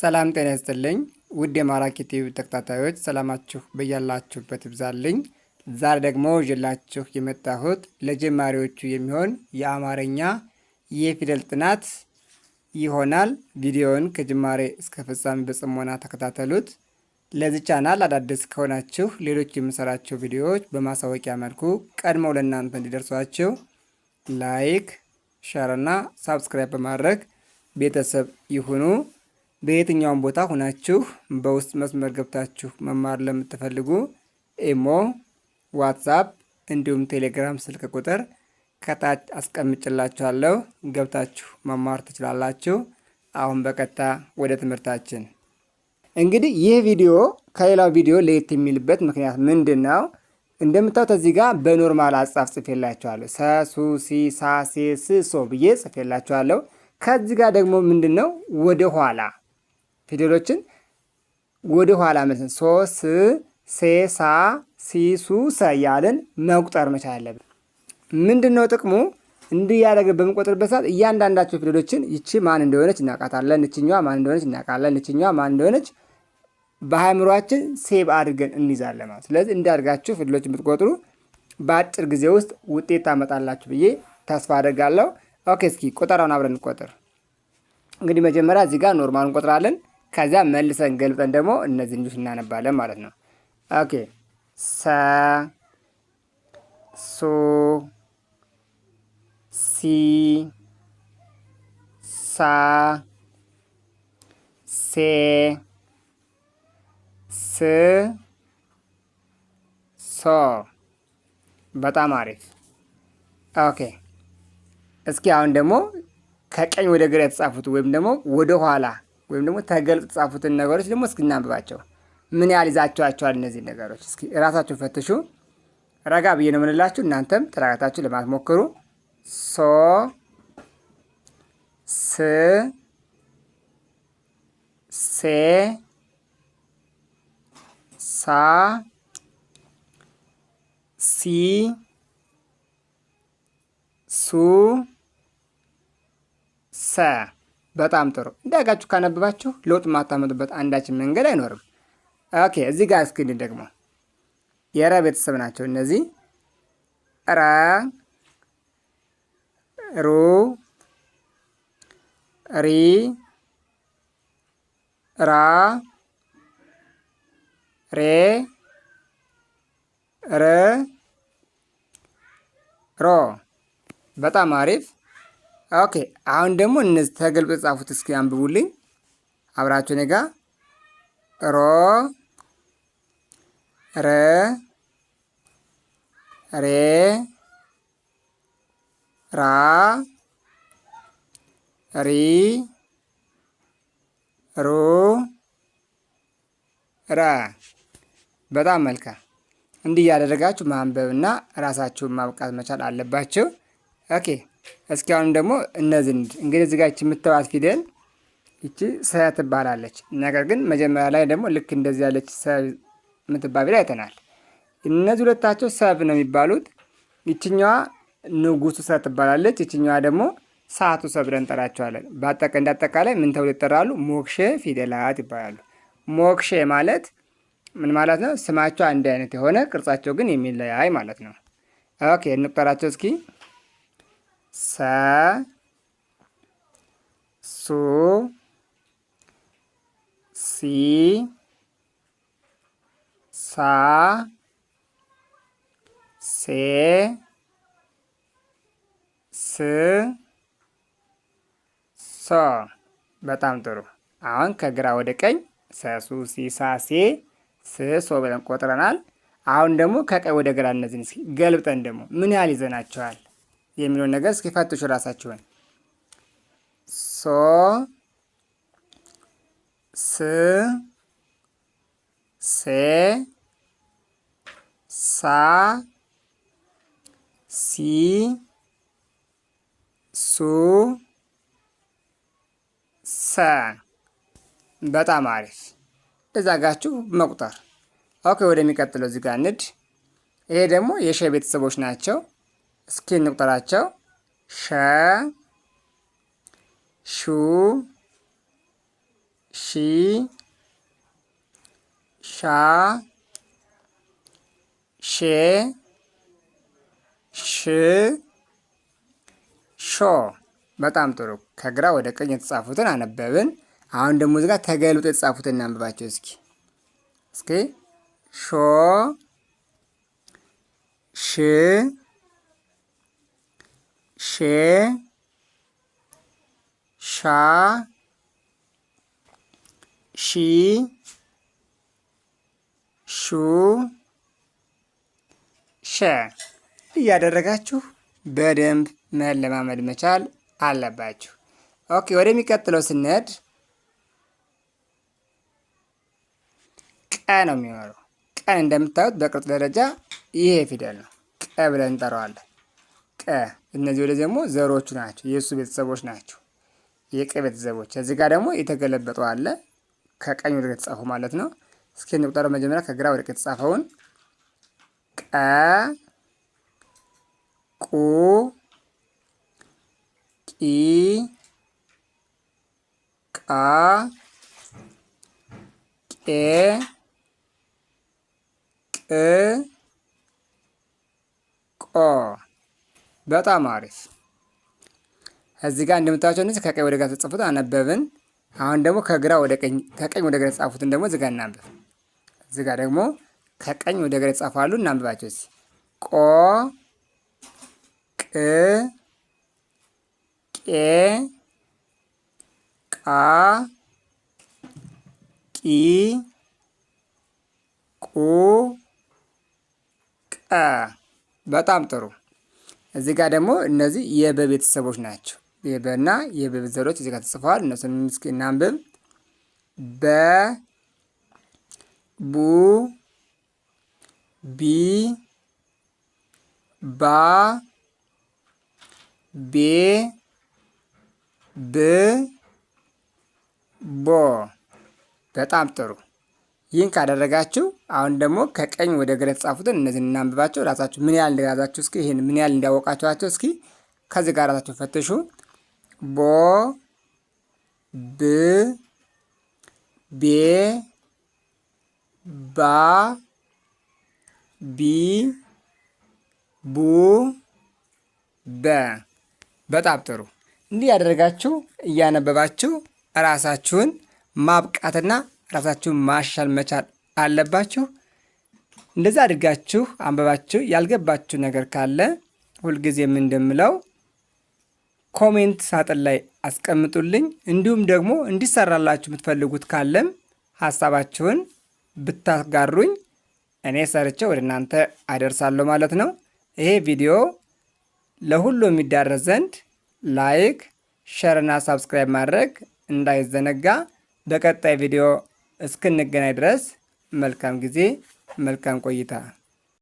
ሰላም ጤና ይስጥልኝ ውድ የማራኪ ቲቪ ተከታታዮች ሰላማችሁ በያላችሁበት ይብዛልኝ። ዛሬ ደግሞ ይዤላችሁ የመጣሁት ለጀማሪዎቹ የሚሆን የአማርኛ የፊደል ጥናት ይሆናል። ቪዲዮውን ከጅማሬ እስከ ፍጻሜ በጽሞና ተከታተሉት። ለዚህ ቻናል አዳዲስ ከሆናችሁ ሌሎች የምሰራቸው ቪዲዮዎች በማሳወቂያ መልኩ ቀድመው ለእናንተ እንዲደርሷችሁ ላይክ፣ ሸርና ሳብስክራይብ በማድረግ ቤተሰብ ይሁኑ። በየትኛውም ቦታ ሁናችሁ በውስጥ መስመር ገብታችሁ መማር ለምትፈልጉ ኢሞ፣ ዋትሳፕ እንዲሁም ቴሌግራም ስልክ ቁጥር ከታች አስቀምጭላችኋለሁ። ገብታችሁ መማር ትችላላችሁ። አሁን በቀጥታ ወደ ትምህርታችን። እንግዲህ ይህ ቪዲዮ ከሌላው ቪዲዮ ለየት የሚልበት ምክንያት ምንድን ነው? እንደምታዩት እዚህ ጋር በኖርማል አጻፍ ጽፌላችኋለሁ። ሰ፣ ሱ፣ ሲ፣ ሳ፣ ሴ፣ ስ፣ ሶ ብዬ ጽፌላችኋለሁ። ከዚህ ጋር ደግሞ ምንድን ነው ወደ ኋላ ፊደሎችን ወደ ኋላ መልሰን ሶስ ሴሳ ሲሱ ሰ መቁጠር መቻል አለብን። ምንድን ነው ጥቅሙ? እንዲህ ያደረገ በምንቆጥርበት ሰዓት እያንዳንዳቸው ፊደሎችን ይቺ ማን እንደሆነች እናውቃታለን፣ እችኛዋ ማን እንደሆነች እናውቃለን፣ እችኛዋ ማን እንደሆነች በሀይምሯችን ሴብ አድርገን እንይዛለን ማለት። ስለዚህ እንዳድርጋችሁ ፊደሎችን ብትቆጥሩ በአጭር ጊዜ ውስጥ ውጤት ታመጣላችሁ ብዬ ተስፋ አደርጋለሁ። ኦኬ፣ እስኪ ቆጠራውን አብረን እንቆጥር። እንግዲህ መጀመሪያ እዚህ ጋር ኖርማል እንቆጥራለን። ከዚያ መልሰን ገልጠን ደግሞ እነዚህን ጁስ እናነባለን ማለት ነው። ኦኬ ሰ ሱ ሲ ሳ ሴ ስ ሶ። በጣም አሪፍ። ኦኬ እስኪ አሁን ደግሞ ከቀኝ ወደ ግራ የተጻፉት ወይም ደግሞ ወደ ኋላ ወይም ደግሞ ተገልጽ ጻፉትን ነገሮች ደግሞ እስኪ እናንብባቸው። ምን ያህል ይዛችኋቸዋል? እነዚህ ነገሮች እስኪ ራሳችሁን ፈትሹ። ረጋ ብዬ ነው የምንላችሁ። እናንተም ተረጋግታችሁ ለማለት ሞክሩ። ሶ ስ ሴ ሳ ሲ ሱ ሰ በጣም ጥሩ እንዳጋችሁ ካነብባችሁ ለውጥ የማታመጡበት አንዳችን መንገድ አይኖርም። ኦኬ እዚህ ጋር እስክድ ደግሞ የረ ቤተሰብ ናቸው እነዚህ ረ፣ ሩ፣ ሪ፣ ራ፣ ሬ፣ ር፣ ሮ። በጣም አሪፍ ኦኬ አሁን ደግሞ እነዚህ ተገልጦ የጻፉት እስኪ አንብቡልኝ አብራችሁ ኔጋ ሮ ረ ሬ ራ ሪ ሩ ረ በጣም መልካም እንዲህ ያደረጋችሁ ማንበብና ራሳችሁን ማብቃት መቻል አለባችሁ። ኦኬ እስኪ አሁንም ደግሞ እነዚህ እንግዲህ እዚጋች የምትተዋት ፊደል ይቺ ሰ ትባላለች። ነገር ግን መጀመሪያ ላይ ደግሞ ልክ እንደዚህ ያለች ሰ የምትባል ፊደል አይተናል። እነዚህ ሁለታቸው ሰብ ነው የሚባሉት። ይችኛዋ ንጉሱ ሰ ትባላለች። ይችኛዋ ደግሞ ሰዓቱ ሰ ብለን እንጠራቸዋለን። በአጠቀ እንዳጠቃላይ ምን ተብሎ ይጠራሉ? ሞክሼ ፊደላት ይባላሉ። ሞክሼ ማለት ምን ማለት ነው? ስማቸው አንድ አይነት የሆነ ቅርጻቸው ግን የሚለያይ ማለት ነው። ኦኬ እንቁጠራቸው እስኪ ሰ ሱ ሲ ሳ ሴ ስ ሶ። በጣም ጥሩ። አሁን ከግራ ወደ ቀኝ ሰሱ ሲሳ ሴ ስ ሶ ብለን ቆጥረናል። አሁን ደግሞ ከቀኝ ወደ ግራ እነዚህን ገልብጠን ደግሞ ምን ያህል ይዘናቸዋል? የሚለውን ነገር እስኪ ፈትሹ ራሳችሁን። ሶ ስ ሴ ሳ ሲ ሱ ሰ። በጣም አሪፍ እዛጋችሁ መቁጠር። ኦኬ፣ ወደሚቀጥለው እዚህ ጋር ንድ። ይሄ ደግሞ የሸ ቤተሰቦች ናቸው። እስኪ እንቁጠራቸው። ሸ ሹ ሺ ሻ ሼ ሽ ሾ። በጣም ጥሩ። ከግራ ወደ ቀኝ የተጻፉትን አነበብን። አሁን ደግሞ እዚህ ጋር የተጻፉትን እናንብባቸው እስኪ እስኪ ሾ ሽ ሼ ሻ ሺ ሹ ሸ እያደረጋችሁ በደንብ መለማመድ መቻል አለባችሁ። ኦኬ፣ ወደሚቀጥለው ስንሄድ ቀ ነው የሚኖረው። ቀን እንደምታዩት በቅርጽ ደረጃ ይሄ ፊደል ነው። ቀ ብለን እንጠራዋለን። ቀ እነዚህ ወደ ደግሞ ዘሮቹ ናቸው፣ የእሱ ቤተሰቦች ናቸው፣ የቀ ቤተሰቦች። እዚህ ጋር ደግሞ የተገለበጠ አለ ከቀኝ ወደ ተጻፈ ማለት ነው። እስኪ እንቁጠረው። መጀመሪያ ከግራ ወደ ቀኝ የተጻፈውን ቀ ቁ ቂ ቃ ቄ ቅ በጣም አሪፍ። እዚህ ጋር እንደምታቸው እነዚህ ከቀኝ ወደ ግራ ተጽፉት አነበብን። አሁን ደግሞ ከግራ ወደ ቀኝ ከቀኝ ወደ ግራ የተጻፉትን ደግሞ እዚጋ እናንብብ። እዚህ ደግሞ ከቀኝ ወደ ግራ የተጻፉ እናንብባቸው። እዚ ቆ ቅ ቄ ቃ ቂ ቁ ቀ በጣም ጥሩ። እዚህ ጋር ደግሞ እነዚህ የበ ቤተሰቦች ናቸው። የበና የበ ዘሮች እዚህ ጋር ተጽፈዋል። እነሱን እስኪ እናንብብ። በ ቡ ቢ ባ ቤ ብ ቦ። በጣም ጥሩ። ይህን ካደረጋችሁ አሁን ደግሞ ከቀኝ ወደ ግራ የተጻፉትን እነዚህን እናንብባቸው። ራሳችሁ ምን ያህል እንደያዛችሁ እስኪ ይህን ምን ያህል እንዳወቃችኋቸው እስኪ ከዚህ ጋር ራሳችሁ ፈትሹ። ቦ ብ ቤ ባ ቢ ቡ በ። በጣም ጥሩ። እንዲህ ያደረጋችሁ እያነበባችሁ ራሳችሁን ማብቃትና ራሳችሁን ማሻል መቻል አለባችሁ። እንደዛ አድርጋችሁ አንበባችሁ ያልገባችሁ ነገር ካለ ሁልጊዜም እንደምለው ኮሜንት ሳጥን ላይ አስቀምጡልኝ። እንዲሁም ደግሞ እንዲሰራላችሁ የምትፈልጉት ካለም ሀሳባችሁን ብታጋሩኝ እኔ ሰርቼ ወደ እናንተ አደርሳለሁ ማለት ነው። ይሄ ቪዲዮ ለሁሉ የሚዳረስ ዘንድ ላይክ፣ ሸርና ሳብስክራይብ ማድረግ እንዳይዘነጋ። በቀጣይ ቪዲዮ እስክንገናኝ ድረስ መልካም ጊዜ፣ መልካም ቆይታ